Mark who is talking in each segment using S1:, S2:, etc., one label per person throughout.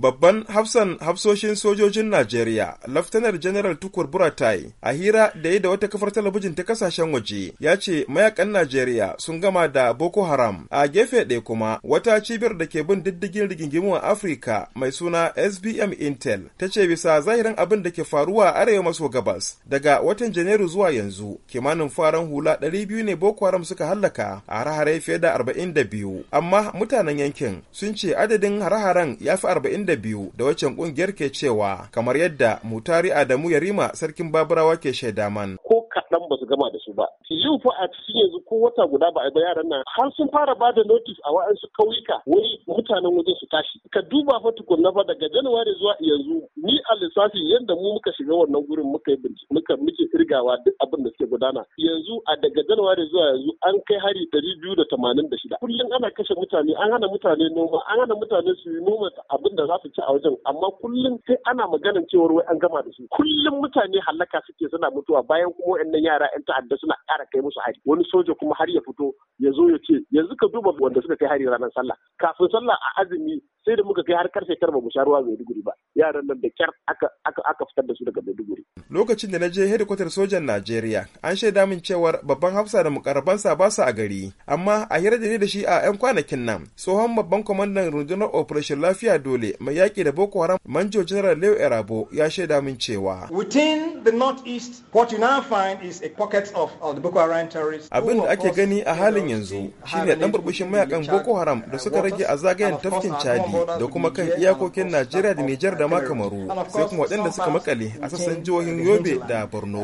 S1: Babban hafsan hafsoshin sojojin Najeriya, Laftanar General Tukur Buratai, a hira da yi da wata kafar talabijin ta kasashen waje, ya ce mayakan Najeriya sun gama da Boko Haram. A gefe ɗaya kuma, wata cibiyar da ke bin diddigin rigingimu a Afirka mai suna SBM Intel ta ce bisa zahirin abin da ke faruwa a arewa maso gabas daga watan Janairu zuwa yanzu, kimanin faran hula 200 ne Boko Haram suka hallaka a hare-hare fiye da 42, amma mutanen yankin sun ce adadin hare-haren ya fi 22 da waccan kungiyar ke cewa kamar yadda mutari Adamu Yarima sarkin Baburawa ke shaida man. Ko
S2: dan ba su gama da su ba yau fa a cikin yanzu ko wata guda ba a ba yaran nan har sun fara ba da notice a wa'ansu kauyuka wai mutanen waje su tashi ka duba fa tukunna fa daga januwari zuwa yanzu ni a lissafin yadda mu muka shiga wannan gurin muka yi muka muke irgawa duk abin da suke gudana yanzu a daga januwari zuwa yanzu an kai hari 286. biyu kullum ana kashe mutane an hana mutane noma an hana mutane su yi noma abin da za su ci a wajen amma kullum sai ana maganin cewar wai an gama da su kullum mutane halaka suke suna mutuwa bayan kuma wa'annan waɗannan yara 'yan ta'adda suna ƙara kai musu hari wani soja kuma har ya fito ya zo ya ce yanzu ka duba wanda suka kai hari ranar sallah kafin sallah a azumi sai da muka kai har karfe tara ba mu sha
S1: ruwa mai duguri ba yaran nan da kyar aka fitar da su daga Maiduguri. Lokacin da na je hedikwatar sojan Najeriya, an shaida min cewar babban hafsa da mukarabansa ba su a gari, amma a hira da ni da shi a 'yan kwanakin nan. Tsohon babban kwamandan rundunar Operation Lafiya Dole mai yaƙi da Boko Haram Manjo General Leo Erabo ya shaida min cewa. Within the northeast, what you now find is a pocket of, the Boko Haram terrorists. Abin da ake gani a halin yanzu shine dan burbushin mayakan Boko Haram da uh, suka rage a zagayen tafkin Chadi da kuma kan iyakokin Najeriya da Nijar da kamaru sai kuma waɗanda suka makale a sassan jihohin yobe da borno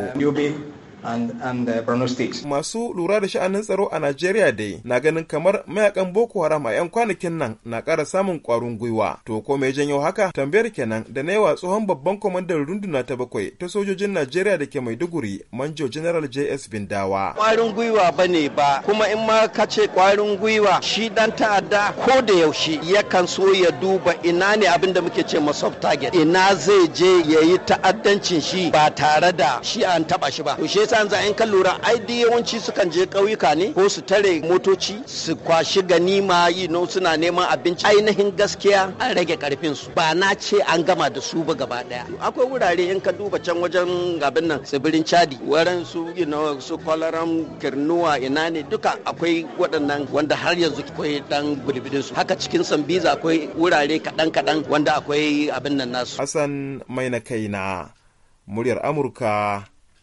S1: Uh, Masu lura da sha'anin tsaro a Najeriya dai na ganin kamar mayakan Boko Haram a 'yan kwanakin nan na kara samun ƙwarin gwiwa. To ko mai janyo haka tambayar kenan da na yawa tsohon babban kwamandan runduna ta bakwai ta sojojin Najeriya da ke Maiduguri Manjo General JS Bindawa. kwarin gwiwa ba ne ba kuma in ma ka ce
S3: ƙwarin gwiwa shi dan ta'adda ko da yaushe yakan so ya duba ina ne abin da muke ce soft target ina zai je ya yi ta'addancin shi ba tare da shi an taɓa shi ba. To shi yasa yanzu an kan lura ai duk yawanci sukan je ƙauyuka ne ko su tare motoci su kwashi ganima yi no suna neman abinci ainihin gaskiya an rage karfin su ba na ce an gama da su ba gaba daya akwai wurare in ka duba can wajen gabin nan tsibirin chadi waran su you know su kwalaram kirnuwa ina ne duka akwai waɗannan wanda har yanzu akwai dan gulbidin su haka cikin sambiza akwai wurare kaɗan kaɗan wanda
S1: akwai abin nan nasu hassan mai na kaina muryar amurka